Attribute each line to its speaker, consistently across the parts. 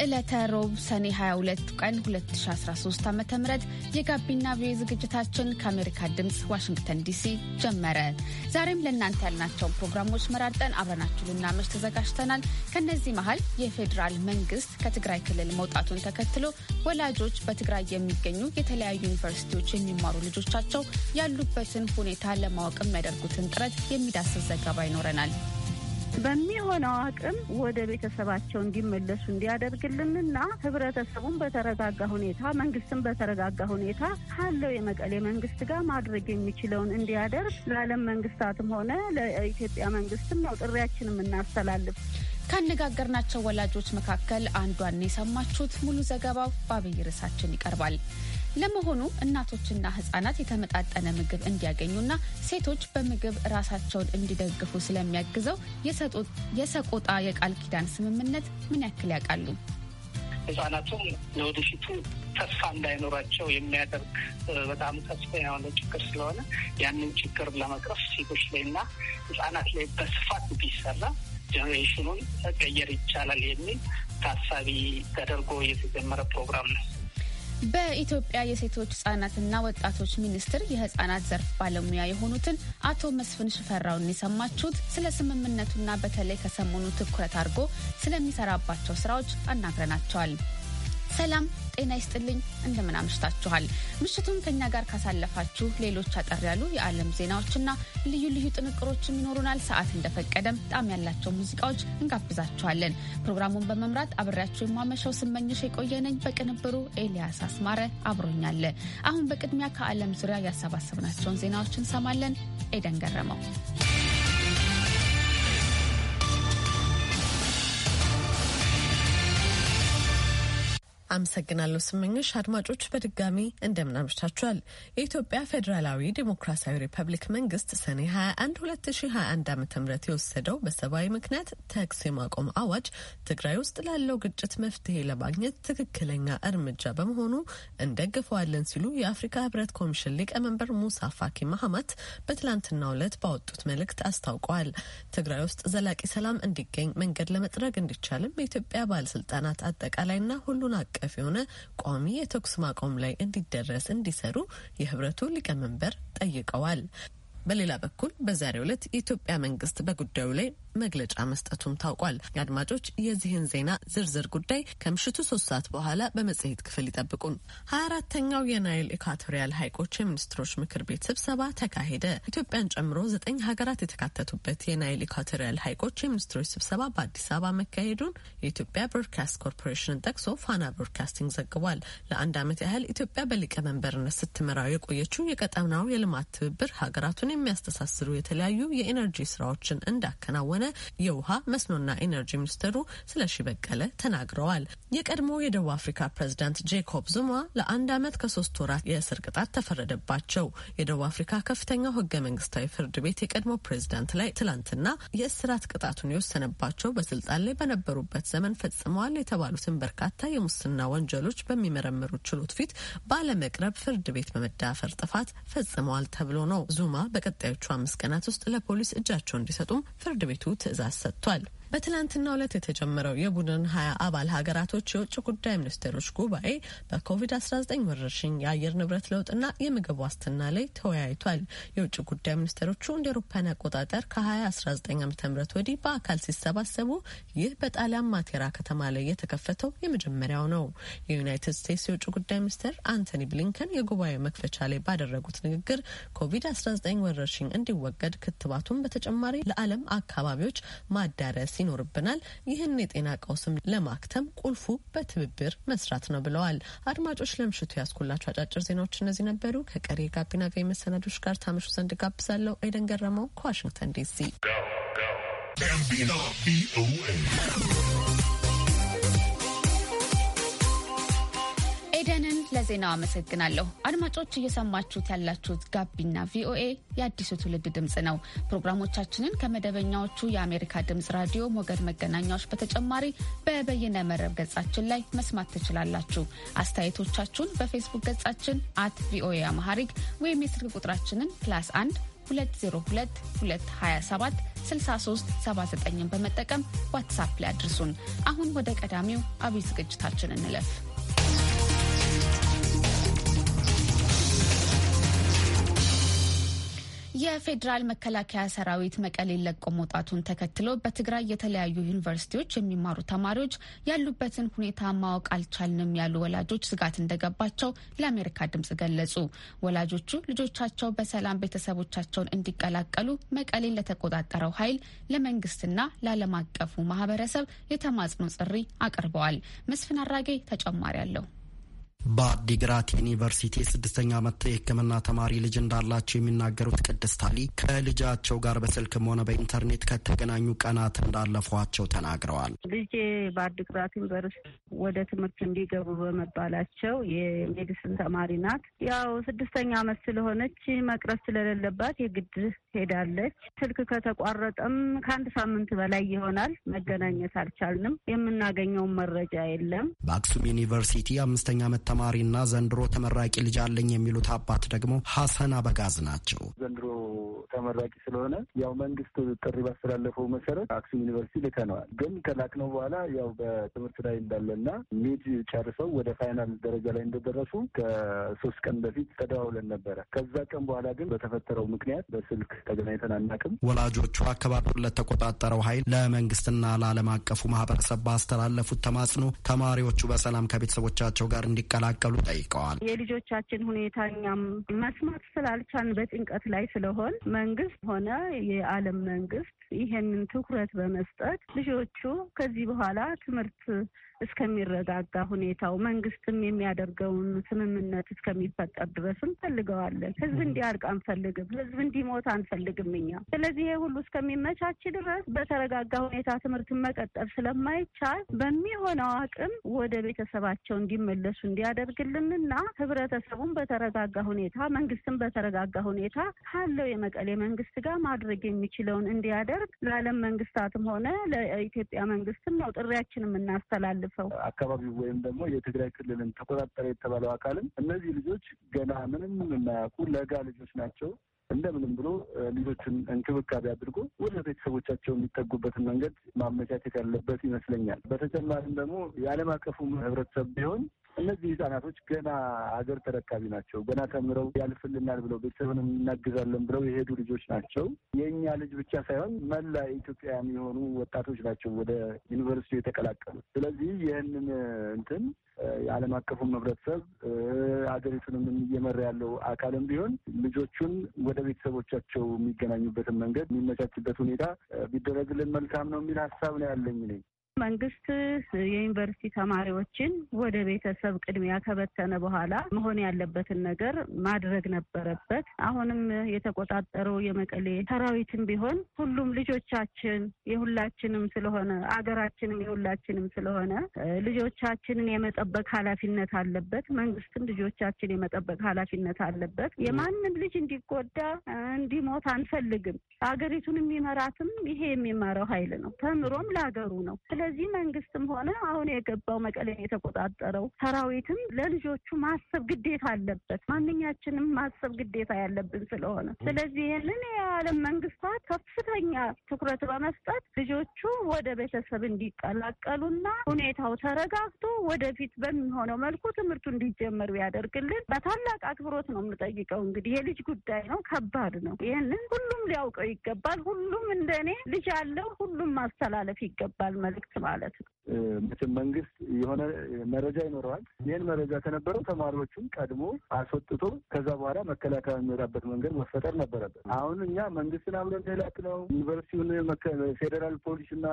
Speaker 1: የዕለተ ሮብ ሰኔ 22 ቀን 2013 ዓ ም የጋቢና ቪኦኤ ዝግጅታችን ከአሜሪካ ድምፅ ዋሽንግተን ዲሲ ጀመረ። ዛሬም ለእናንተ ያልናቸውን ፕሮግራሞች መራርጠን አብረናችሁ ልናመሽ ተዘጋጅተናል። ከእነዚህ መሀል የፌዴራል መንግስት ከትግራይ ክልል መውጣቱን ተከትሎ ወላጆች በትግራይ የሚገኙ የተለያዩ ዩኒቨርሲቲዎች የሚማሩ ልጆቻቸው ያሉበትን ሁኔታ ለማወቅ የሚያደርጉትን ጥረት የሚዳስስ ዘገባ ይኖረናል።
Speaker 2: በሚሆነው አቅም ወደ ቤተሰባቸው እንዲመለሱ እንዲያደርግልንና ህብረተሰቡን በተረጋጋ ሁኔታ መንግስትን በተረጋጋ ሁኔታ ካለው የመቀሌ መንግስት ጋር ማድረግ የሚችለውን እንዲያደርግ ለዓለም
Speaker 1: መንግስታትም ሆነ ለኢትዮጵያ መንግስትም ነው ጥሪያችን የምናስተላልፍ። ካነጋገርናቸው ወላጆች መካከል አንዷን የሰማችሁት። ሙሉ ዘገባው በአብይ ርዕሳችን ይቀርባል። ለመሆኑ እናቶችና ህጻናት የተመጣጠነ ምግብ እንዲያገኙና ሴቶች በምግብ ራሳቸውን እንዲደግፉ ስለሚያግዘው የሰቆጣ የቃል ኪዳን ስምምነት ምን ያክል ያውቃሉ?
Speaker 3: ህጻናቱም ለወደፊቱ ተስፋ እንዳይኖራቸው የሚያደርግ በጣም ተስፋ የሆነ ችግር ስለሆነ ያንን ችግር ለመቅረፍ ሴቶች ላይና ህጻናት ላይ በስፋት ቢሰራ ጀኔሬሽኑን ቀየር ይቻላል የሚል ታሳቢ ተደርጎ የተጀመረ ፕሮግራም ነው።
Speaker 1: በኢትዮጵያ የሴቶች ህጻናትና ወጣቶች ሚኒስቴር የህጻናት ዘርፍ ባለሙያ የሆኑትን አቶ መስፍን ሽፈራውን የሰማችሁት ስለ ስምምነቱና በተለይ ከሰሞኑ ትኩረት አድርጎ ስለሚሰራባቸው ስራዎች አናግረናቸዋል። ሰላም ጤና ይስጥልኝ። እንደምን አምሽታችኋል? ምሽቱን ከኛ ጋር ካሳለፋችሁ ሌሎች አጠር ያሉ የዓለም ዜናዎችና ልዩ ልዩ ጥንቅሮችም ይኖሩናል። ሰዓት እንደፈቀደም ጣም ያላቸው ሙዚቃዎች እንጋብዛችኋለን። ፕሮግራሙን በመምራት አብሬያችሁ የማመሸው ስመኝሽ የቆየነኝ፣ በቅንብሩ ኤልያስ አስማረ አብሮኛለ። አሁን በቅድሚያ ከዓለም ዙሪያ ያሰባሰብናቸውን ዜናዎች እንሰማለን። ኤደን
Speaker 4: ገረመው አመሰግናለሁ ስመኞች። አድማጮች በድጋሚ እንደምናምሽታችኋል። የኢትዮጵያ ፌዴራላዊ ዴሞክራሲያዊ ሪፐብሊክ መንግስት ሰኔ 21 2021 ዓ ም የወሰደው በሰብአዊ ምክንያት ተኩስ የማቆም አዋጅ ትግራይ ውስጥ ላለው ግጭት መፍትሄ ለማግኘት ትክክለኛ እርምጃ በመሆኑ እንደግፈዋለን ሲሉ የአፍሪካ ህብረት ኮሚሽን ሊቀመንበር ሙሳ ፋኪ ማሀማት በትላንትናው ሁለት ባወጡት መልእክት አስታውቀዋል። ትግራይ ውስጥ ዘላቂ ሰላም እንዲገኝ መንገድ ለመጥረግ እንዲቻልም የኢትዮጵያ ባለስልጣናት አጠቃላይና ሁሉን አቀ አቀፍ የሆነ ቋሚ የተኩስ ማቆም ላይ እንዲደረስ እንዲሰሩ የህብረቱ ሊቀመንበር ጠይቀዋል። በሌላ በኩል በዛሬው ዕለት የኢትዮጵያ መንግስት በጉዳዩ ላይ መግለጫ መስጠቱም ታውቋል። አድማጮች የዚህን ዜና ዝርዝር ጉዳይ ከምሽቱ ሶስት ሰዓት በኋላ በመጽሔት ክፍል ይጠብቁን። ሀያ አራተኛው የናይል ኢኳቶሪያል ሀይቆች የሚኒስትሮች ምክር ቤት ስብሰባ ተካሄደ። ኢትዮጵያን ጨምሮ ዘጠኝ ሀገራት የተካተቱበት የናይል ኢኳቶሪያል ሀይቆች የሚኒስትሮች ስብሰባ በአዲስ አበባ መካሄዱን የኢትዮጵያ ብሮድካስት ኮርፖሬሽንን ጠቅሶ ፋና ብሮድካስቲንግ ዘግቧል። ለአንድ ዓመት ያህል ኢትዮጵያ በሊቀመንበርነት ስትመራው የቆየችው የቀጠናው የልማት ትብብር ሀገራቱን የሚያስተሳስሩ የተለያዩ የኤነርጂ ስራዎችን እንዳከናወነ እንደሆነ የውሃ መስኖና ኢነርጂ ሚኒስትሩ ስለሺ በቀለ ተናግረዋል። የቀድሞ የደቡብ አፍሪካ ፕሬዚዳንት ጄኮብ ዙማ ለአንድ ዓመት ከሶስት ወራት የእስር ቅጣት ተፈረደባቸው። የደቡብ አፍሪካ ከፍተኛው ህገ መንግስታዊ ፍርድ ቤት የቀድሞ ፕሬዚዳንት ላይ ትላንትና የእስራት ቅጣቱን የወሰነባቸው በስልጣን ላይ በነበሩበት ዘመን ፈጽመዋል የተባሉትን በርካታ የሙስና ወንጀሎች በሚመረምሩ ችሎት ፊት ባለመቅረብ ፍርድ ቤት በመዳፈር ጥፋት ፈጽመዋል ተብሎ ነው። ዙማ በቀጣዮቹ አምስት ቀናት ውስጥ ለፖሊስ እጃቸው እንዲሰጡም ፍርድ ቤቱ ትዕዛዝ ሰጥቷል። በትላንትናው ዕለት የተጀመረው የቡድን ሀያ አባል ሀገራቶች የውጭ ጉዳይ ሚኒስቴሮች ጉባኤ በኮቪድ-19 ወረርሽኝ የአየር ንብረት ለውጥና የምግብ ዋስትና ላይ ተወያይቷል። የውጭ ጉዳይ ሚኒስቴሮቹ እንደ አውሮፓውያን አቆጣጠር ከ2019 ዓ ም ወዲህ በአካል ሲሰባሰቡ ይህ በጣሊያን ማቴራ ከተማ ላይ የተከፈተው የመጀመሪያው ነው። የዩናይትድ ስቴትስ የውጭ ጉዳይ ሚኒስትር አንቶኒ ብሊንከን የጉባኤው መክፈቻ ላይ ባደረጉት ንግግር ኮቪድ-19 ወረርሽኝ እንዲወገድ ክትባቱን በተጨማሪ ለዓለም አካባቢዎች ማዳረስ ይኖርብናል። ይህን የጤና ቀውስም ለማክተም ቁልፉ በትብብር መስራት ነው ብለዋል። አድማጮች ለምሽቱ ያስኩላቸው አጫጭር ዜናዎች እነዚህ ነበሩ። ከቀሪ የጋቢና ቪ መሰናዶች ጋር ታመሹ ዘንድ ጋብዛለሁ። ኤደን ገረመው ከዋሽንግተን ዲሲ
Speaker 1: ለዜናው አመሰግናለሁ። አድማጮች እየሰማችሁት ያላችሁት ጋቢና ቪኦኤ የአዲሱ ትውልድ ድምፅ ነው። ፕሮግራሞቻችንን ከመደበኛዎቹ የአሜሪካ ድምፅ ራዲዮ ሞገድ መገናኛዎች በተጨማሪ በበይነ መረብ ገጻችን ላይ መስማት ትችላላችሁ። አስተያየቶቻችሁን በፌስቡክ ገጻችን አት ቪኦኤ አማሐሪክ ወይም የስልክ ቁጥራችንን ፕላስ 1 202227 6379 በመጠቀም ዋትሳፕ ላይ አድርሱን። አሁን ወደ ቀዳሚው አብይ ዝግጅታችን እንለፍ። የፌዴራል መከላከያ ሰራዊት መቀሌን ለቆ መውጣቱን ተከትሎ በትግራይ የተለያዩ ዩኒቨርሲቲዎች የሚማሩ ተማሪዎች ያሉበትን ሁኔታ ማወቅ አልቻልንም ያሉ ወላጆች ስጋት እንደገባቸው ለአሜሪካ ድምጽ ገለጹ። ወላጆቹ ልጆቻቸው በሰላም ቤተሰቦቻቸውን እንዲቀላቀሉ መቀሌን ለተቆጣጠረው ኃይል፣ ለመንግስትና ለዓለም አቀፉ ማህበረሰብ የተማጽኖ ጥሪ አቅርበዋል። መስፍን አራጌ ተጨማሪ አለው።
Speaker 5: በአዲግራት ዩኒቨርሲቲ ስድስተኛ ዓመት የሕክምና ተማሪ ልጅ እንዳላቸው የሚናገሩት ቅድስት አሊ ከልጃቸው ጋር በስልክም ሆነ በኢንተርኔት ከተገናኙ ቀናት እንዳለፏቸው ተናግረዋል።
Speaker 2: ልጄ በአዲግራት ዩኒቨርሲቲ ወደ ትምህርት እንዲገቡ በመባላቸው የሜዲስን ተማሪ ናት። ያው ስድስተኛ ዓመት ስለሆነች መቅረት ስለሌለባት የግድ ሄዳለች። ስልክ ከተቋረጠም ከአንድ ሳምንት በላይ ይሆናል። መገናኘት አልቻልንም። የምናገኘውን መረጃ የለም።
Speaker 5: በአክሱም ዩኒቨርሲቲ አምስተኛ ዓመት ተማሪና ዘንድሮ ተመራቂ ልጅ አለኝ የሚሉት አባት ደግሞ ሀሰን አበጋዝ ናቸው። ዘንድሮ
Speaker 6: ተመራቂ ስለሆነ ያው መንግስት ጥሪ ባስተላለፈው መሰረት አክሱም ዩኒቨርሲቲ ልከነዋል። ግን ከላክነው በኋላ ያው በትምህርት ላይ እንዳለና ሚድ ጨርሰው ወደ ፋይናል ደረጃ ላይ እንደደረሱ ከሶስት ቀን በፊት ተደዋውለን ነበረ። ከዛ ቀን በኋላ ግን በተፈጠረው ምክንያት በስልክ ተገናኝተን
Speaker 5: አናውቅም። ወላጆቹ አካባቢውን ለተቆጣጠረው ኃይል ለመንግስትና ለዓለም አቀፉ ማህበረሰብ ባስተላለፉት ተማጽኖ ተማሪዎቹ በሰላም ከቤተሰቦቻቸው ጋር እንዲቃ እንዲቀላቀሉ ጠይቀዋል።
Speaker 2: የልጆቻችን ሁኔታ እኛም መስማት ስላልቻን በጭንቀት ላይ ስለሆን መንግስት ሆነ የዓለም መንግስት ይሄንን ትኩረት በመስጠት ልጆቹ ከዚህ በኋላ ትምህርት እስከሚረጋጋ ሁኔታው መንግስትም የሚያደርገውን ስምምነት እስከሚፈጠር ድረስ እንፈልገዋለን። ህዝብ እንዲያርቅ አንፈልግም። ህዝብ እንዲሞት አንፈልግም እኛ። ስለዚህ ይሄ ሁሉ እስከሚመቻች ድረስ በተረጋጋ ሁኔታ ትምህርትን መቀጠል ስለማይቻል በሚሆነው አቅም ወደ ቤተሰባቸው እንዲመለሱ እንዲያደርግልንና ህብረተሰቡን በተረጋጋ ሁኔታ መንግስትን በተረጋጋ ሁኔታ ካለው የመቀሌ መንግስት ጋር ማድረግ የሚችለውን እንዲያደርግ ለዓለም መንግስታትም ሆነ ለኢትዮጵያ መንግስትም ነው ጥሪያችንም የምናስተላልፍ ደርሰው
Speaker 6: አካባቢው ወይም ደግሞ የትግራይ ክልልን ተቆጣጠረ የተባለው አካልም እነዚህ ልጆች ገና ምንም የማያውቁ ለጋ ልጆች ናቸው እንደምንም ብሎ ልጆቹን እንክብካቤ አድርጎ ወደ ቤተሰቦቻቸው የሚጠጉበትን መንገድ ማመቻቸት ያለበት ይመስለኛል። በተጨማሪም ደግሞ የዓለም አቀፉ ህብረተሰብ ቢሆን እነዚህ ህጻናቶች ገና ሀገር ተረካቢ ናቸው። ገና ተምረው ያልፍልናል ብለው ቤተሰብንም እናግዛለን ብለው የሄዱ ልጆች ናቸው። የእኛ ልጅ ብቻ ሳይሆን መላ ኢትዮጵያውያን የሆኑ ወጣቶች ናቸው ወደ ዩኒቨርሲቲ የተቀላቀሉ። ስለዚህ ይህንን እንትን የዓለም አቀፉም ህብረተሰብ ሀገሪቱንም እየመራ ያለው አካልም ቢሆን ልጆቹን ወደ ቤተሰቦቻቸው የሚገናኙበትን መንገድ የሚመቻችበት ሁኔታ ቢደረግልን መልካም ነው የሚል ሀሳብ ነው ያለኝ ነኝ።
Speaker 2: መንግስት የዩኒቨርሲቲ ተማሪዎችን ወደ ቤተሰብ ቅድሚያ ከበተነ በኋላ መሆን ያለበትን ነገር ማድረግ ነበረበት። አሁንም የተቆጣጠረው የመቀሌ ሰራዊትም ቢሆን ሁሉም ልጆቻችን የሁላችንም ስለሆነ አገራችንም የሁላችንም ስለሆነ ልጆቻችንን የመጠበቅ ኃላፊነት አለበት። መንግስትም ልጆቻችን የመጠበቅ ኃላፊነት አለበት። የማንም ልጅ እንዲጎዳ እንዲሞት አንፈልግም። አገሪቱን የሚመራትም ይሄ የሚመራው ኃይል ነው። ተምሮም ለሀገሩ ነው። ስለዚህ መንግስትም ሆነ አሁን የገባው መቀሌን የተቆጣጠረው ሰራዊትም ለልጆቹ ማሰብ ግዴታ አለበት። ማንኛችንም ማሰብ ግዴታ ያለብን ስለሆነ ስለዚህ ይህንን የዓለም መንግስታት ከፍተኛ ትኩረት በመስጠት ልጆቹ ወደ ቤተሰብ እንዲቀላቀሉና ሁኔታው ተረጋግቶ ወደፊት በሚሆነው መልኩ ትምህርቱ እንዲጀመሩ ያደርግልን። በታላቅ አክብሮት ነው የምጠይቀው። እንግዲህ የልጅ ጉዳይ ነው፣ ከባድ ነው። ይህንን ሁሉም ሊያውቀው ይገባል። ሁሉም እንደኔ ልጅ አለው። ሁሉም ማስተላለፍ ይገባል መልዕክት ማለት ነው።
Speaker 6: ምትም መንግስት የሆነ መረጃ ይኖረዋል። ይህን መረጃ ከነበረው ተማሪዎችን ቀድሞ አስወጥቶ ከዛ በኋላ መከላከያ የሚወጣበት መንገድ መፈጠር ነበረበት። አሁን እኛ መንግስትን አብረን ላክ ነው ዩኒቨርሲቲውን ፌዴራል ፖሊስና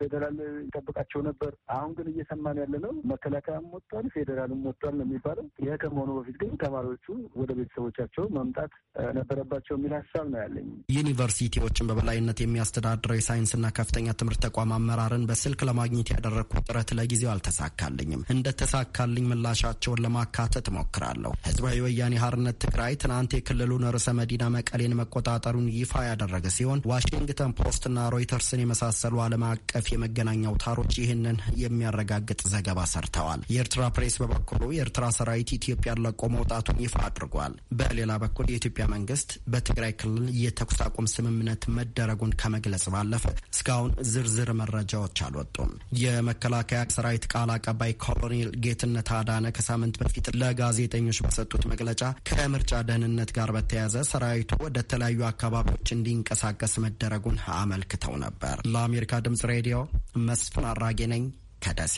Speaker 6: ፌዴራል ይጠብቃቸው ነበር። አሁን ግን እየሰማን ያለ ነው መከላከያም ወጥቷል፣ ፌዴራልም ወጥቷል ነው የሚባለው። ይህ ከመሆኑ በፊት ግን ተማሪዎቹ ወደ ቤተሰቦቻቸው መምጣት ነበረባቸው የሚል ሀሳብ ነው ያለኝ።
Speaker 5: ዩኒቨርሲቲዎችን በበላይነት የሚያስተዳድረው የሳይንስና ከፍተኛ ትምህርት ተቋም አመራርን በስልክ ለማግኘት ለማግኘት ያደረግኩት ጥረት ለጊዜው አልተሳካልኝም። እንደተሳካልኝ ምላሻቸውን ለማካተት እሞክራለሁ። ህዝባዊ ወያኔ ሀርነት ትግራይ ትናንት የክልሉን ርዕሰ መዲና መቀሌን መቆጣጠሩን ይፋ ያደረገ ሲሆን ዋሽንግተን ፖስትና ሮይተርስን የመሳሰሉ ዓለም አቀፍ የመገናኛ አውታሮች ይህንን የሚያረጋግጥ ዘገባ ሰርተዋል። የኤርትራ ፕሬስ በበኩሉ የኤርትራ ሰራዊት ኢትዮጵያን ለቆ መውጣቱን ይፋ አድርጓል። በሌላ በኩል የኢትዮጵያ መንግስት በትግራይ ክልል የተኩስ አቁም ስምምነት መደረጉን ከመግለጽ ባለፈ እስካሁን ዝርዝር መረጃዎች አልወጡም። የመከላከያ ሰራዊት ቃል አቀባይ ኮሎኔል ጌትነት አዳነ ከሳምንት በፊት ለጋዜጠኞች በሰጡት መግለጫ ከምርጫ ደህንነት ጋር በተያያዘ ሰራዊቱ ወደ ተለያዩ አካባቢዎች እንዲንቀሳቀስ መደረጉን አመልክተው ነበር። ለአሜሪካ ድምጽ ሬዲዮ መስፍን አራጌ ነኝ ከደሴ።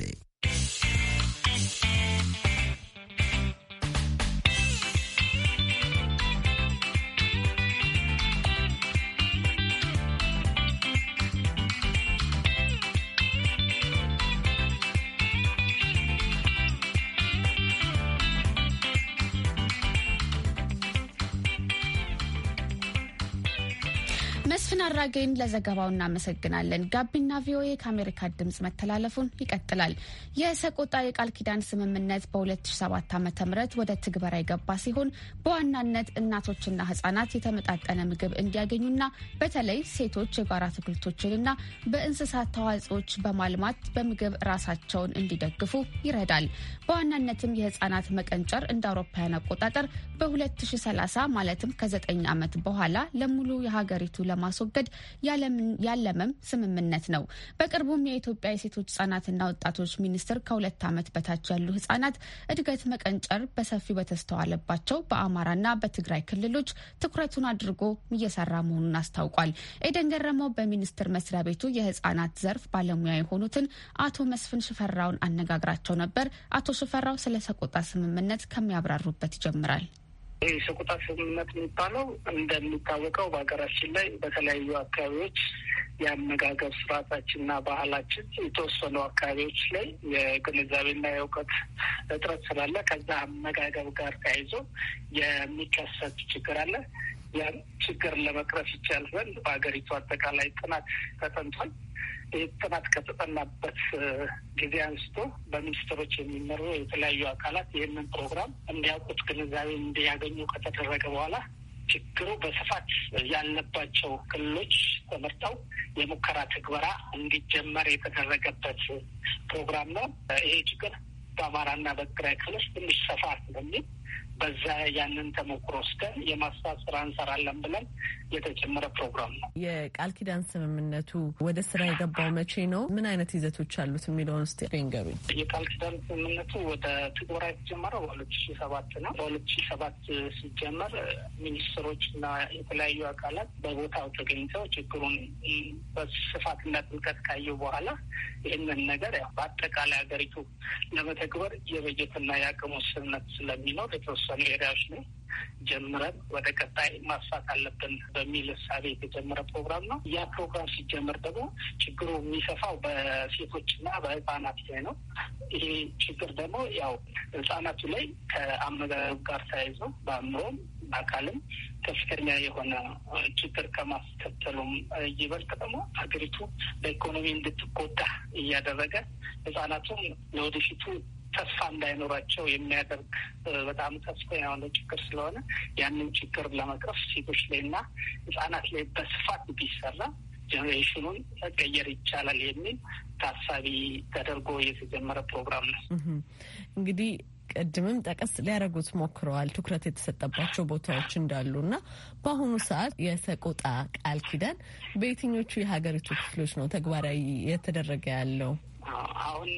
Speaker 1: ዳጌን ለዘገባው እናመሰግናለን። ጋቢና ቪኦኤ ከአሜሪካ ድምጽ መተላለፉን ይቀጥላል። የሰቆጣ የቃል ኪዳን ስምምነት በ2007 ዓ ም ወደ ትግበራ የገባ ሲሆን በዋናነት እናቶችና ህጻናት የተመጣጠነ ምግብ እንዲያገኙና በተለይ ሴቶች የጓሮ አትክልቶችንና በእንስሳት ተዋጽኦች በማልማት በምግብ ራሳቸውን እንዲደግፉ ይረዳል። በዋናነትም የህጻናት መቀንጨር እንደ አውሮፓውያን አቆጣጠር በ2030 ማለትም ከ9 ዓመት በኋላ ለሙሉ የሀገሪቱ ለማስወገድ ያለመም ስምምነት ነው። በቅርቡም የኢትዮጵያ የሴቶች ህጻናትና ወጣቶች ሚኒስቴር ከሁለት ዓመት በታች ያሉ ህጻናት እድገት መቀንጨር በሰፊው በተስተዋለባቸው በአማራና በትግራይ ክልሎች ትኩረቱን አድርጎ እየሰራ መሆኑን አስታውቋል። ኤደን ገረመው በሚኒስቴር መስሪያ ቤቱ የህጻናት ዘርፍ ባለሙያ የሆኑትን አቶ መስፍን ሽፈራውን አነጋግራቸው ነበር። አቶ ሽፈራው ስለ ሰቆጣ ስምምነት ከሚያብራሩበት ይጀምራል።
Speaker 3: ይህ ሰቆጣ ስምምነት የሚባለው እንደሚታወቀው በሀገራችን ላይ በተለያዩ አካባቢዎች የአመጋገብ ስርዓታችንና ባህላችን የተወሰኑ አካባቢዎች ላይ የግንዛቤና የእውቀት እጥረት ስላለ ከዛ አመጋገብ ጋር ተያይዞ የሚከሰት ችግር አለ። ያን ችግር ለመቅረፍ ይቻል ዘንድ በሀገሪቱ አጠቃላይ ጥናት ተጠንቷል። ይህ ጥናት ከተጠናበት ጊዜ አንስቶ በሚኒስትሮች የሚመሩ የተለያዩ አካላት ይህንን ፕሮግራም እንዲያውቁት ግንዛቤ እንዲያገኙ ከተደረገ በኋላ ችግሩ በስፋት ያለባቸው ክልሎች ተመርጠው የሙከራ ትግበራ እንዲጀመር የተደረገበት ፕሮግራም ነው። ይሄ ችግር በአማራና በትግራይ ክልል ትንሽ ሰፋ ስለሚል በዛ ያንን ተሞክሮ ወስደን የማስፋት ስራ እንሰራለን ብለን የተጀመረ ፕሮግራም ነው።
Speaker 4: የቃል ኪዳን ስምምነቱ ወደ ስራ የገባው መቼ ነው? ምን አይነት ይዘቶች አሉት የሚለውን ስ ንገሩኝ። የቃል
Speaker 3: ኪዳን ስምምነቱ ወደ ትግበራ የተጀመረው በሁለት ሺ ሰባት ነው። በሁለት ሺ ሰባት ሲጀመር ሚኒስትሮች እና የተለያዩ አካላት በቦታው ተገኝተው ችግሩን በስፋትና ጥልቀት ካዩ በኋላ ይህንን ነገር ያው በአጠቃላይ ሀገሪቱ ለመተግበር የበጀትና የአቅም ውስንነት ስለሚኖር የተወሰ የተወሰኑ ኤሪያዎች ላይ ጀምረን ወደ ቀጣይ ማስፋት አለብን በሚል እሳቤ የተጀመረ ፕሮግራም ነው። ያ ፕሮግራም ሲጀመር ደግሞ ችግሩ የሚሰፋው በሴቶችና በህጻናት ላይ ነው። ይሄ ችግር ደግሞ ያው ህጻናቱ ላይ ከአመጋገብ ጋር ተያይዞ በአእምሮም በአካልም ከፍተኛ የሆነ ችግር ከማስከተሉም ይበልጥ ደግሞ ሀገሪቱ በኢኮኖሚ እንድትጎዳ እያደረገ ህጻናቱም ለወደፊቱ ተስፋ እንዳይኖራቸው የሚያደርግ በጣም ተስፋ የሆነ ችግር ስለሆነ ያንን ችግር ለመቅረፍ ሴቶች ላይ እና ህጻናት ላይ በስፋት ቢሰራ ጀኔሬሽኑን መቀየር ይቻላል የሚል ታሳቢ ተደርጎ የተጀመረ ፕሮግራም ነው።
Speaker 4: እንግዲህ ቅድምም ጠቀስ ሊያደርጉት ሞክረዋል ትኩረት የተሰጠባቸው ቦታዎች እንዳሉ እና በአሁኑ ሰዓት የሰቆጣ ቃል ኪዳን በየትኞቹ የሀገሪቱ ክፍሎች ነው ተግባራዊ የተደረገ ያለው?
Speaker 3: አሁን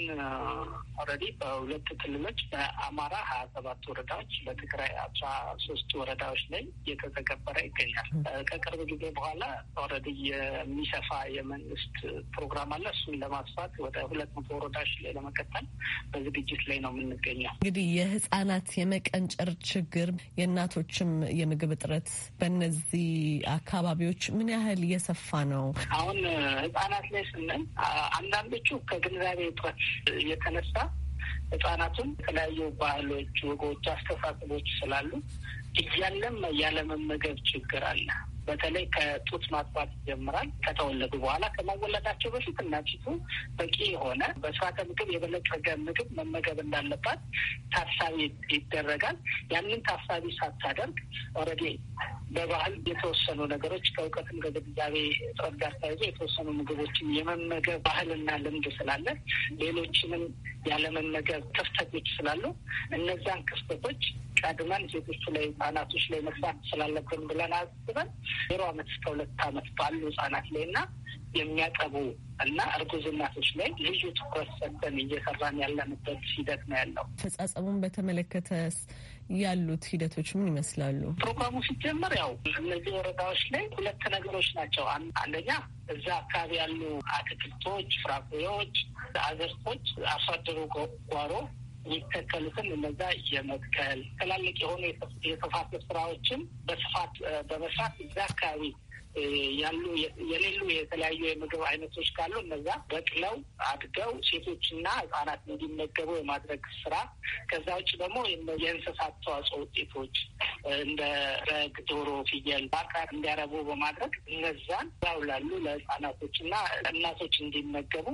Speaker 3: ኦልሬዲ በሁለት ክልሎች በአማራ ሀያ ሰባት ወረዳዎች በትግራይ አስራ ሶስት ወረዳዎች ላይ እየተተገበረ ይገኛል። ከቅርብ ጊዜ በኋላ ኦልሬዲ የሚሰፋ የመንግስት ፕሮግራም አለ። እሱን ለማስፋት ወደ ሁለት መቶ ወረዳዎች ላይ ለመቀጠል በዝግጅት ላይ ነው የምንገኘው።
Speaker 4: እንግዲህ የህጻናት የመቀንጨር ችግር፣ የእናቶችም የምግብ እጥረት በእነዚህ አካባቢዎች ምን ያህል እየሰፋ ነው?
Speaker 3: አሁን ህጻናት ላይ ስንል አንዳንዶቹ ከግንዛ ከባለቤቶች የተነሳ ህጻናቱም የተለያዩ ባህሎች፣ ወጎች፣ አስተሳሰቦች ስላሉ እያለም ያለመመገብ ችግር አለ። በተለይ ከጡት ማጥባት ይጀምራል። ከተወለዱ በኋላ ከመወለዳቸው በፊት እናቲቱ በቂ የሆነ በስርዓተ ምግብ የበለጸገ ምግብ መመገብ እንዳለባት ታሳቢ ይደረጋል። ያንን ታሳቢ ሳታደርግ ኦልሬዲ በባህል የተወሰኑ ነገሮች ከእውቀትም ከግንዛቤ ጥረት ጋር ተያይዞ የተወሰኑ ምግቦችን የመመገብ ባህልና ልምድ ስላለ ሌሎችንም ያለመመገብ ክፍተቶች ስላሉ እነዛን ክፍተቶች አድመን ሴቶቹ ላይ ህጻናቶች ላይ መስራት ስላለብን ብለን አስበን ዜሮ አመት እስከ ሁለት አመት ባሉ ህጻናት ላይ እና የሚያጠቡ እና እርጉዝ እናቶች ላይ ልዩ ትኩረት ሰጠን እየሰራን ያለንበት ሂደት ነው ያለው።
Speaker 4: አፈጻጸሙን በተመለከተ ያሉት ሂደቶች ምን ይመስላሉ?
Speaker 3: ፕሮግራሙ ሲጀመር ያው እነዚህ ወረዳዎች ላይ ሁለት ነገሮች ናቸው። አንደኛ እዛ አካባቢ ያሉ አትክልቶች፣ ፍራፍሬዎች፣ አዘርቶች አርሶ አደሩ ጓሮ የሚተከሉትን እነዛ የመትከል ትላልቅ የሆኑ የስፋት ስራዎችን በስፋት በመስራት እዛ አካባቢ ያሉ የሌሉ የተለያዩ የምግብ አይነቶች ካሉ እነዛ በቅለው አድገው ሴቶችና ህጻናት እንዲመገቡ የማድረግ ስራ ከዛ ውጭ ደግሞ የእንስሳት ተዋጽኦ ውጤቶች እንደ በግ፣ ዶሮ፣ ፍየል፣ ባካር እንዲያረቡ በማድረግ እነዛን ያውላሉ ላሉ ለህጻናቶች እና እናቶች እንዲመገቡ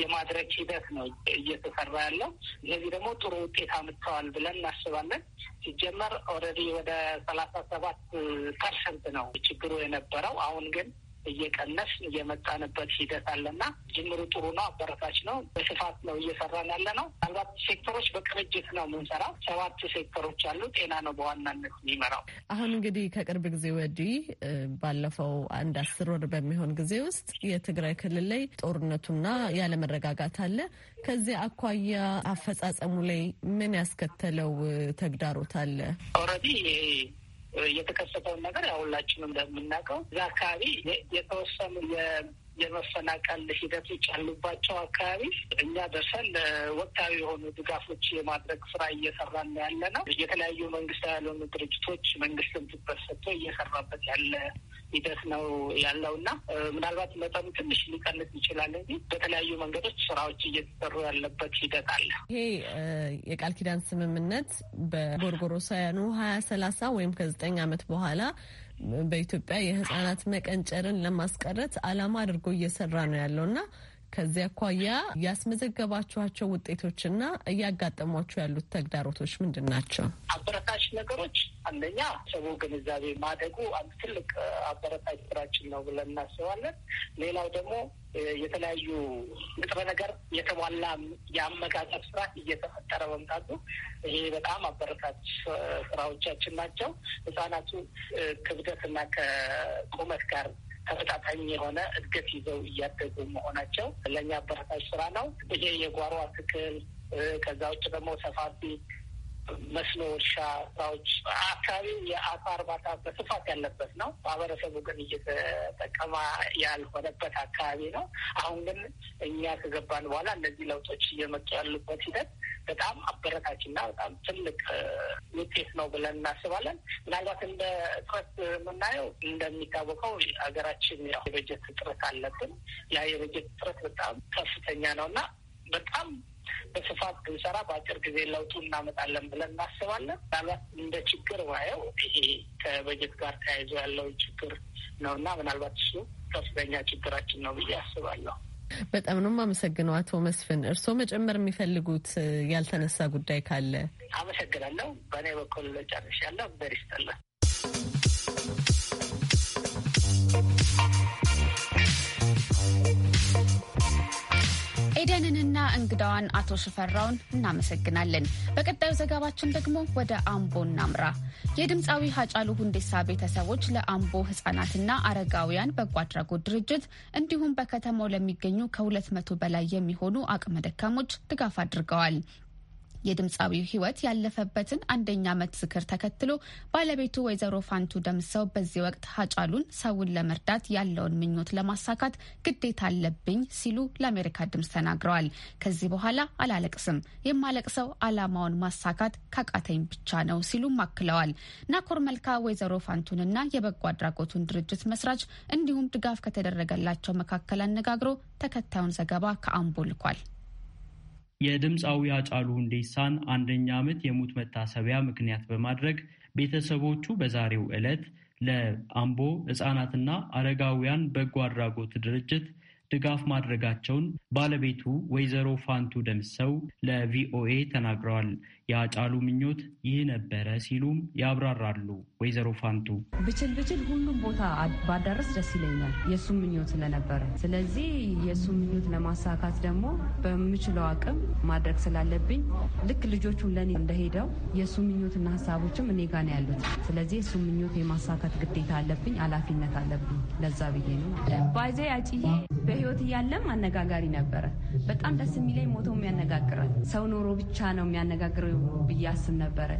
Speaker 3: የማድረግ ሂደት ነው እየተሰራ ያለው። እነዚህ ደግሞ ጥሩ ውጤት አምጥተዋል ብለን እናስባለን። ሲጀመር ኦልሬዲ ወደ ሰላሳ ሰባት ፐርሰንት ነው ችግሩ የነበረው አሁን ግን እየቀነስ እየመጣንበት ሂደት አለና ጅምሩ ጥሩ ነው፣ አበረታች ነው። በስፋት ነው እየሰራን ያለ ነው። ምናልባት ሴክተሮች በቅርጅት ነው የምንሰራው። ሰባት ሴክተሮች አሉ። ጤና ነው በዋናነት የሚመራው።
Speaker 4: አሁን እንግዲህ ከቅርብ ጊዜ ወዲህ ባለፈው አንድ አስር ወር በሚሆን ጊዜ ውስጥ የትግራይ ክልል ላይ ጦርነቱና ያለመረጋጋት አለ። ከዚያ አኳያ አፈጻጸሙ ላይ ምን ያስከተለው ተግዳሮት አለ?
Speaker 3: ኦልሬዲ የተከሰተውን ነገር ያው እንደምናውቀው እዛ አካባቢ የተወሰኑ የመፈናቀል ሂደቶች ያሉባቸው አካባቢ እኛ ደርሰን ወቅታዊ የሆኑ ድጋፎች የማድረግ ስራ እየሰራን ያለ ነው። የተለያዩ መንግስታዊ ያልሆኑ ድርጅቶች መንግስትን ትኩረት ሰጥቶ እየሰራበት ያለ ሂደት ነው ያለው እና ምናልባት መጠኑ ትንሽ ሊቀንስ ይችላል እንጂ በተለያዩ መንገዶች ስራዎች እየተሰሩ ያለበት ሂደት አለ።
Speaker 4: ይሄ የቃል ኪዳን ስምምነት በጎርጎሮሳውያኑ ሀያ ሰላሳ ወይም ከዘጠኝ አመት በኋላ በኢትዮጵያ የህጻናት መቀንጨርን ለማስቀረት አላማ አድርጎ እየሰራ ነው ያለው እና ከዚህ አኳያ ያስመዘገባችኋቸው ውጤቶችና እያጋጠሟቸው ያሉት ተግዳሮቶች ምንድን ናቸው?
Speaker 3: አበረታች ነገሮች አንደኛ ሰው ግንዛቤ ማደጉ አንድ ትልቅ አበረታች ስራችን ነው ብለን እናስባለን። ሌላው ደግሞ የተለያዩ ንጥረ ነገር የተሟላ የአመጋገብ ስራ እየተፈጠረ መምጣቱ ይሄ በጣም አበረታች ስራዎቻችን ናቸው። ህጻናቱ ክብደትና ከቁመት ጋር ተመጣጣኝ የሆነ እድገት ይዘው እያደጉ መሆናቸው ለእኛ አበረታች ስራ ነው። ይሄ የጓሮ አትክል ከዛ ውጭ ደግሞ ሰፋፊ መስኖ እርሻ ስራዎች አካባቢው የአሳ እርባታ በስፋት ያለበት ነው። ማህበረሰቡ ግን እየተጠቀመ ያልሆነበት አካባቢ ነው። አሁን ግን እኛ ከገባን በኋላ እነዚህ ለውጦች እየመጡ ያሉበት ሂደት በጣም አበረታችና በጣም ትልቅ ውጤት ነው ብለን እናስባለን። ምናልባት እንደ ጥረት የምናየው እንደሚታወቀው ሀገራችን ያው የበጀት እጥረት አለብን። ያ የበጀት እጥረት በጣም ከፍተኛ ነው እና በጣም በስፋት ብንሰራ በአጭር ጊዜ ለውጡ እናመጣለን ብለን እናስባለን። ምናልባት እንደ ችግር ባየው ይሄ ከበጀት ጋር ተያይዞ ያለው ችግር ነው እና ምናልባት እሱ ከፍተኛ ችግራችን ነው ብዬ አስባለሁ።
Speaker 4: በጣም ነው አመሰግነው። አቶ መስፍን እርስዎ መጨመር የሚፈልጉት ያልተነሳ ጉዳይ ካለ?
Speaker 3: አመሰግናለሁ። በእኔ በኩል
Speaker 1: ጨርሻለሁ። በሪስጠለን እንግዳዋን አቶ ሽፈራውን እናመሰግናለን። በቀጣዩ ዘገባችን ደግሞ ወደ አምቦ እናምራ። የድምፃዊ ሀጫሉ ሁንዴሳ ቤተሰቦች ለአምቦ ህጻናትና አረጋውያን በጎ አድራጎት ድርጅት እንዲሁም በከተማው ለሚገኙ ከሁለት መቶ በላይ የሚሆኑ አቅመ ደካሞች ድጋፍ አድርገዋል። የድምፃዊው ሕይወት ያለፈበትን አንደኛ ዓመት ዝክር ተከትሎ ባለቤቱ ወይዘሮ ፋንቱ ደምሰው በዚህ ወቅት ሀጫሉን ሰውን ለመርዳት ያለውን ምኞት ለማሳካት ግዴታ አለብኝ ሲሉ ለአሜሪካ ድምፅ ተናግረዋል። ከዚህ በኋላ አላለቅስም፣ የማለቅሰው ዓላማውን ማሳካት ካቃተኝ ብቻ ነው ሲሉም አክለዋል። ናኮር መልካ ወይዘሮ ፋንቱንና የበጎ አድራጎቱን ድርጅት መስራች እንዲሁም ድጋፍ ከተደረገላቸው መካከል አነጋግሮ ተከታዩን ዘገባ ከአምቦ ልኳል።
Speaker 7: የድምፃዊ አጫሉ ሁንዴሳን አንደኛ ዓመት የሙት መታሰቢያ ምክንያት በማድረግ ቤተሰቦቹ በዛሬው ዕለት ለአምቦ ህፃናትና አረጋውያን በጎ አድራጎት ድርጅት ድጋፍ ማድረጋቸውን ባለቤቱ ወይዘሮ ፋንቱ ደምሰው ለቪኦኤ ተናግረዋል። የአጫሉ ምኞት ይህ ነበረ ሲሉም ያብራራሉ። ወይዘሮ ፋንቱ
Speaker 8: ብችል ብችል ሁሉም ቦታ ባዳረስ ደስ ይለኛል የእሱ ምኞት ስለነበረ፣ ስለዚህ የእሱ ምኞት ለማሳካት ደግሞ በምችለው አቅም ማድረግ ስላለብኝ ልክ ልጆቹ ለእኔ እንደሄደው የእሱ ምኞትና ሀሳቦችም እኔ ጋ ነው ያሉት። ስለዚህ የእሱ ምኞት የማሳካት ግዴታ አለብኝ፣ ኃላፊነት አለብኝ። ለዛ ብዬ ነው ባይዘ አጭዬ በህይወት እያለም አነጋጋሪ ነበር ነበረ። በጣም ደስ የሚለኝ ሞቶ የሚያነጋግረን ሰው ኖሮ ብቻ ነው የሚያነጋግረው ብዬ አስብ ነበረ።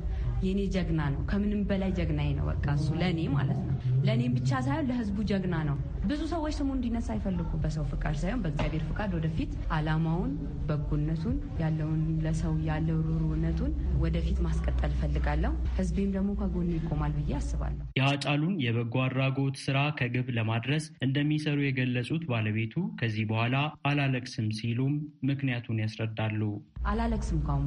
Speaker 8: የኔ ጀግና ነው። ከምንም በላይ ጀግናዬ ነው። በቃ እሱ ለእኔ ማለት ነው። ለእኔም ብቻ ሳይሆን ለህዝቡ ጀግና ነው። ብዙ ሰዎች ስሙ እንዲነሳ አይፈልጉ። በሰው ፍቃድ ሳይሆን በእግዚአብሔር ፍቃድ ወደፊት አላማውን፣ በጎነቱን፣ ያለውን ለሰው ያለው ሩሩነቱን ወደፊት ማስቀጠል እፈልጋለሁ። ህዝቤም ደግሞ ከጎን ይቆማል ብዬ አስባለሁ።
Speaker 7: የአጫሉን የበጎ አድራጎት ስራ ከግብ ለማድረስ እንደሚሰሩ የገለጹት ባለቤቱ ከዚህ በኋላ አላለቅስም ሲሉም ምክንያቱን ያስረዳሉ።
Speaker 8: አላለቅስም ካሁን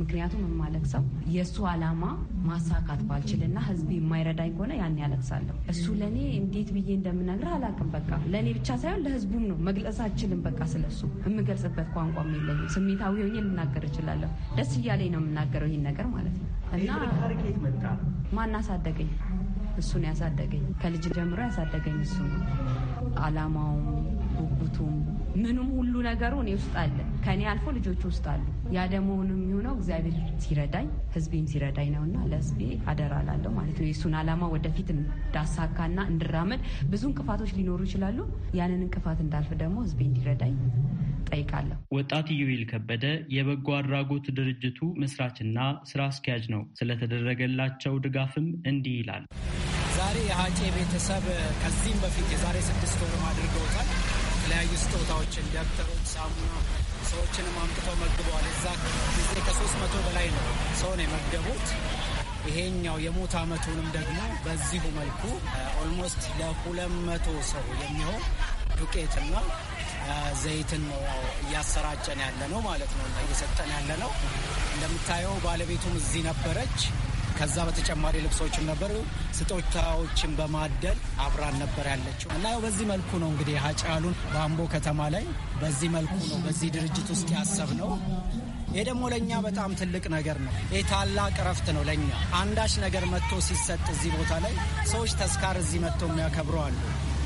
Speaker 8: ምክንያቱም የማለቅሰው የእሱ አላማ ማሳካት ባልችልና ህዝብ የማይረዳኝ ከሆነ ያን ያለቅሳለሁ። እሱ ለእኔ እንዴት ብዬ እንደምነግርህ አላቅም በቃ ለእኔ ብቻ ሳይሆን ለህዝቡም ነው መግለጽ አልችልም። በቃ ስለሱ የምገልጽበት ቋንቋም የለኝም። ስሜታዊ ሆኜ ልናገር እችላለሁ። ደስ እያለኝ ነው የምናገረው ይህን ነገር ማለት ነው። እና ማን አሳደገኝ? እሱ ያሳደገኝ። ከልጅ ጀምሮ ያሳደገኝ እሱ ነው። አላማውም ጉጉቱም ምንም ሁሉ ነገሩ እኔ ውስጥ አለ፣ ከእኔ አልፎ ልጆች ውስጥ አሉ። ያ ደግሞ ሆኖ የሚሆነው እግዚአብሔር ሲረዳኝ፣ ህዝቤም ሲረዳኝ ነውና ለህዝቤ አደራ ላለው ማለት ነው። የእሱን አላማ ወደፊት እንዳሳካና እንድራመድ ብዙ እንቅፋቶች ሊኖሩ ይችላሉ። ያንን እንቅፋት እንዳልፍ ደግሞ ህዝቤ እንዲረዳኝ ጠይቃለሁ።
Speaker 7: ወጣት ኢዩኤል ከበደ የበጎ አድራጎት ድርጅቱ መስራችና ስራ አስኪያጅ ነው። ስለተደረገላቸው ድጋፍም እንዲህ ይላል።
Speaker 9: ዛሬ የሀጬ ቤተሰብ ከዚህም በፊት የዛሬ ስድስት ወርም አድርገውታል የተለያዩ ስጦታዎችን፣ ደብተሮች፣ ሳሙና ሰዎችንም አምጥተው መግበዋል። እዛ ጊዜ ከሶስት መቶ በላይ ነው ነው የመገቡት። ይሄኛው የሞት አመቱንም ደግሞ በዚሁ መልኩ ኦልሞስት ለሁለት መቶ ሰው የሚሆን ዱቄትና ዘይትን ነው እያሰራጨን ያለ ነው ማለት ነው እየሰጠን ያለ ነው። እንደምታየው ባለቤቱም እዚህ ነበረች። ከዛ በተጨማሪ ልብሶችም ነበሩ። ስጦታዎችን በማደል አብራን ነበር ያለችው እና በዚህ መልኩ ነው እንግዲህ ሀጫሉን በአምቦ ከተማ ላይ በዚህ መልኩ ነው በዚህ ድርጅት ውስጥ ያሰብ ነው። ይህ ደግሞ ለእኛ በጣም ትልቅ ነገር ነው። ይህ ታላቅ እረፍት ነው ለእኛ። አንዳች ነገር መጥቶ ሲሰጥ እዚህ ቦታ ላይ ሰዎች ተስካር እዚህ መጥቶ የሚያከብረዋሉ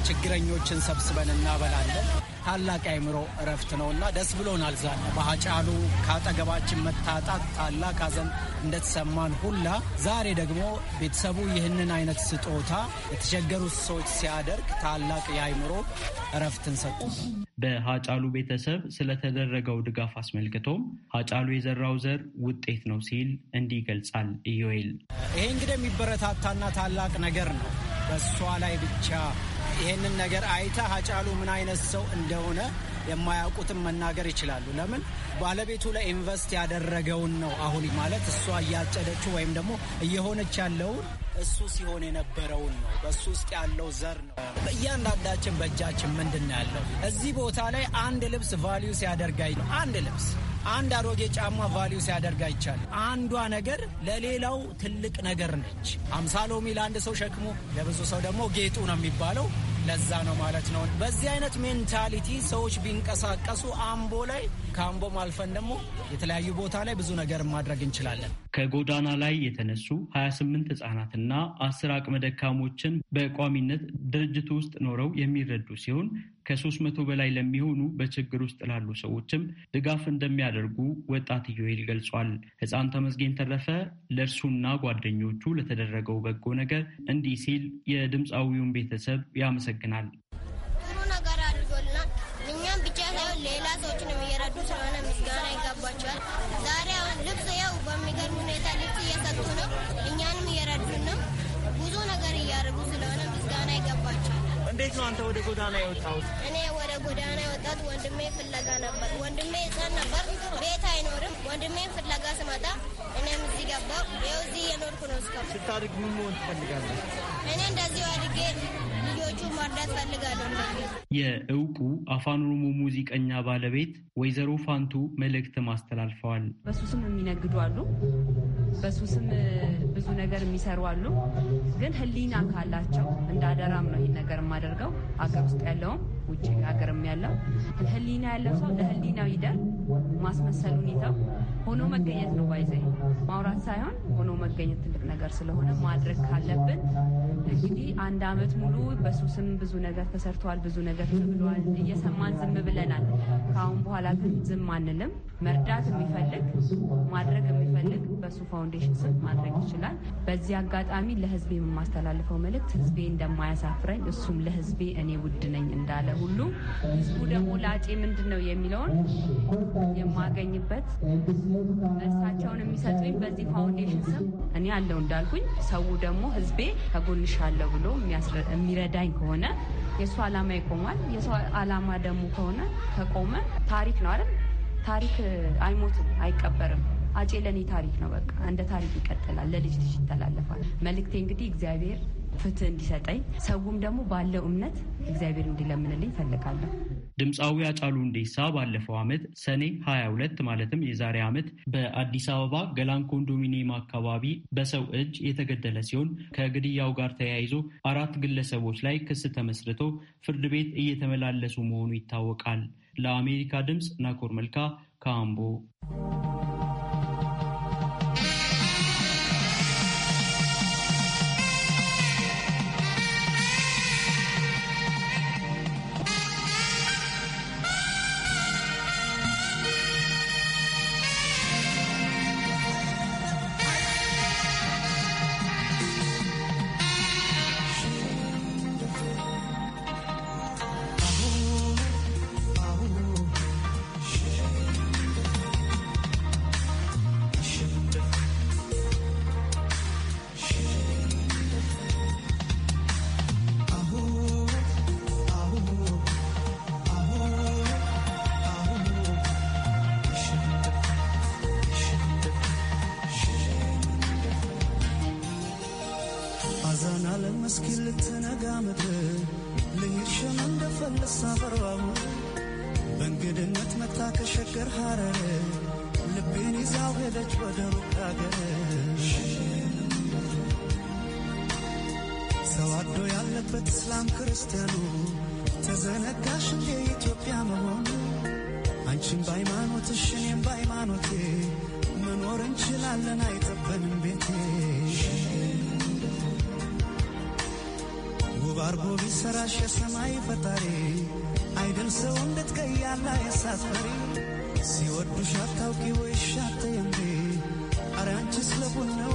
Speaker 9: ችግረኞችን ሰብስበን እናበላለን። ታላቅ አእምሮ እረፍት ነውና ደስ ብሎናል። ዛሬ በሀጫሉ ከአጠገባችን መታጣት ታላቅ ሀዘን እንደተሰማን ሁላ ዛሬ ደግሞ ቤተሰቡ ይህንን አይነት ስጦታ የተቸገሩት ሰዎች ሲያደርግ ታላቅ የአይምሮ እረፍትን ሰጡ።
Speaker 7: በሀጫሉ ቤተሰብ ስለተደረገው ድጋፍ አስመልክቶም ሀጫሉ የዘራው ዘር ውጤት ነው ሲል እንዲህ ይገልጻል ኢዮኤል።
Speaker 9: ይሄ እንግዲህ የሚበረታታና ታላቅ ነገር ነው። በእሷ ላይ ብቻ ይህንን ነገር አይተ ሀጫሉ ምን አይነት ሰው እንደሆነ የማያውቁትን መናገር ይችላሉ። ለምን ባለቤቱ ላይ ኢንቨስት ያደረገውን ነው። አሁን ማለት እሷ እያጨደችው ወይም ደግሞ እየሆነች ያለውን እሱ ሲሆን የነበረውን ነው። በእሱ ውስጥ ያለው ዘር ነው። እያንዳንዳችን በእጃችን ምንድን ነው ያለው? እዚህ ቦታ ላይ አንድ ልብስ ቫሊዩ ሲያደርግ አንድ ልብስ አንድ አሮጌ ጫማ ቫሊዩ ሲያደርግ አይቻል። አንዷ ነገር ለሌላው ትልቅ ነገር ነች። አምሳ ሎሚ ለአንድ ሰው ሸክሞ ለብዙ ሰው ደግሞ ጌጡ ነው የሚባለው። ለዛ ነው ማለት ነው። በዚህ አይነት ሜንታሊቲ ሰዎች ቢንቀሳቀሱ አምቦ ላይ ከአምቦ አልፈን ደግሞ የተለያዩ ቦታ ላይ ብዙ ነገር ማድረግ እንችላለን።
Speaker 7: ከጎዳና ላይ የተነሱ 28 ህጻናትና አስር አቅመ ደካሞችን በቋሚነት ድርጅቱ ውስጥ ኖረው የሚረዱ ሲሆን ከሶስት መቶ በላይ ለሚሆኑ በችግር ውስጥ ላሉ ሰዎችም ድጋፍ እንደሚያደርጉ ወጣት ዮሄል ገልጿል። ህፃን ተመስገን ተረፈ ለእርሱና ጓደኞቹ ለተደረገው በጎ ነገር እንዲህ ሲል የድምፃዊውን ቤተሰብ ያመሰግናል። እንዴት ነው አንተ ወደ ጎዳና
Speaker 4: የወጣሁት?
Speaker 5: እኔ ወደ ጎዳና የወጣሁት ወንድሜ ፍለጋ ነበር። ወንድሜ ሕፃን ነበር፣ ቤት አይኖርም። ወንድሜ ፍለጋ ስመጣ እኔም እዚህ ገባሁ። ይኸው እዚህ የኖርኩ ነው እስካሁን።
Speaker 9: ስታድግ ምን መሆን ትፈልጋለህ?
Speaker 5: እኔ እንደዚህ
Speaker 2: አድጌ ሰዎቹ መርዳት ፈልጋለሁ።
Speaker 7: የእውቁ አፋን ኦሮሞ ሙዚቀኛ ባለቤት ወይዘሮ ፋንቱ መልእክት አስተላልፈዋል።
Speaker 8: በሱ ስም የሚነግዱ አሉ፣ በሱ ስም ብዙ ነገር የሚሰሩ አሉ። ግን ህሊና ካላቸው እንደ አደራም ነው ይህ ነገር የማደርገው አገር ውስጥ ያለውም ውጭ ሀገርም ያለው ህሊና ያለው ሰው ለህሊና ይደር ማስመሰል ሁኔታው ሆኖ መገኘት ነው። ባይዘ ማውራት ሳይሆን ሆኖ መገኘት ትልቅ ነገር ስለሆነ ማድረግ ካለብን እንግዲህ አንድ አመት ሙሉ በሱ ስም ብዙ ነገር ተሰርተዋል፣ ብዙ ነገር ተብለዋል። እየሰማን ዝም ብለናል። ከአሁን በኋላ ግን ዝም አንልም። መርዳት የሚፈልግ ማድረግ የሚፈልግ በሱ ፋውንዴሽን ስም ማድረግ ይችላል። በዚህ አጋጣሚ ለህዝቤ የማስተላልፈው መልእክት ህዝቤ እንደማያሳፍረኝ እሱም ለህዝቤ እኔ ውድ ነኝ እንዳለ ሁሉ ህዝቡ ደግሞ ላጤ ምንድን ነው የሚለውን የማገኝበት መልሳቸውን የሚሰጡኝ በዚህ ፋውንዴሽን ስም እኔ አለው እንዳልኩኝ ሰው ደግሞ ህዝቤ ተጎንሻለሁ ብሎ የሚረዳኝ ከሆነ የእሱ አላማ ይቆማል። የሰው አላማ ደግሞ ከሆነ ከቆመ ታሪክ ነው አይደል? ታሪክ አይሞትም፣ አይቀበርም። አፄ ለእኔ ታሪክ ነው። በቃ እንደ ታሪክ ይቀጥላል፣ ለልጅ ልጅ ይተላለፋል። መልእክቴ እንግዲህ እግዚአብሔር ፍትህ እንዲሰጠኝ፣ ሰውም ደግሞ ባለው እምነት እግዚአብሔር እንዲለምንልኝ ይፈልጋለሁ።
Speaker 7: ድምፃዊ አጫሉ ሁንዴሳ ባለፈው ዓመት ሰኔ 22 ማለትም የዛሬ ዓመት በአዲስ አበባ ገላን ኮንዶሚኒየም አካባቢ በሰው እጅ የተገደለ ሲሆን ከግድያው ጋር ተያይዞ አራት ግለሰቦች ላይ ክስ ተመስርቶ ፍርድ ቤት እየተመላለሱ መሆኑ ይታወቃል። ለአሜሪካ ድምፅ ናኮር መልካ ካምቦ።
Speaker 10: ተዋዶ ያለበት እስላም ክርስቲያኑ ተዘነጋሽ እንደ ኢትዮጵያ መሆኑ አንቺም በሃይማኖትሽ እኔም በሃይማኖቴ መኖር እንችላለን አይጠበንም ቤቴ ውብ አርጎ ቢሰራሽ የሰማይ ፈጣሪ አይደል ሰው እንድትቀያላ የሳት ፈሪ ሲወዱሽ አታውቂ ወይሻተ እንዴ አረ አንቺ ስለቡነው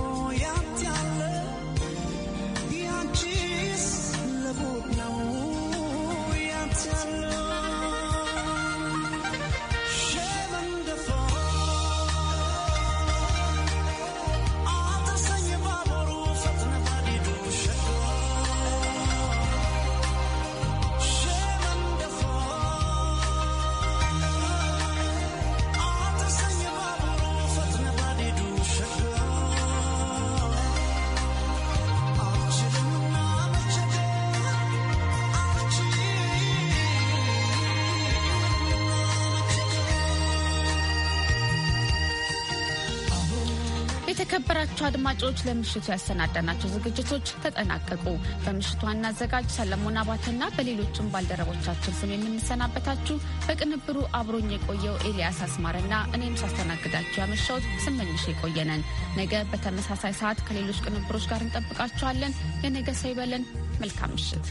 Speaker 1: የተከበራችሁ አድማጮች ለምሽቱ ያሰናዳናቸው ዝግጅቶች ተጠናቀቁ። በምሽቱ ዋና አዘጋጅ ሰለሞን አባተና በሌሎችም ባልደረቦቻችን ስም የምንሰናበታችሁ በቅንብሩ አብሮኝ የቆየው ኤልያስ አስማርና እኔም ሳስተናግዳችሁ ያመሻውት ስመኝሽ የቆየነን። ነገ በተመሳሳይ ሰዓት ከሌሎች ቅንብሮች ጋር እንጠብቃችኋለን። የነገ ሰው ይበለን። መልካም ምሽት።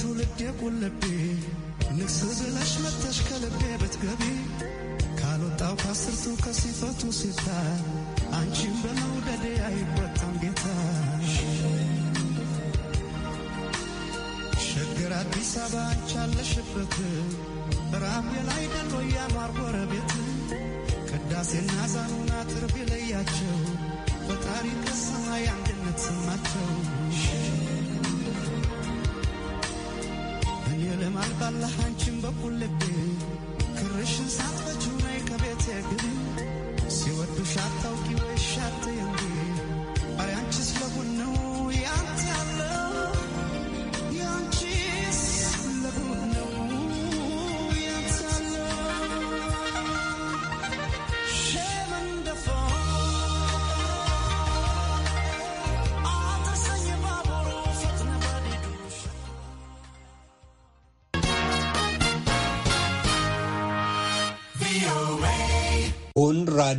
Speaker 10: ትውልድ የቁልቤ ንግስ ብለሽ መተሽ ከልቤ ብትገቢ ካልወጣው ከአስርቱ ከሲፈቱ ሲታ አንቺን በመውደዴ አይወጣም ጌታ። ሸገር አዲስ አበባ አንቺ አለሽበት ራብ የላይ ደሎ የአማር ጎረቤት ቅዳሴና ዛኑን አጥር ቢለያቸው ፈጣሪ ከሰማይ አንድነት ሰማቸው ያማል ባላህ አንቺን በኩል ልቤ ክርሽን ሳትፈጭ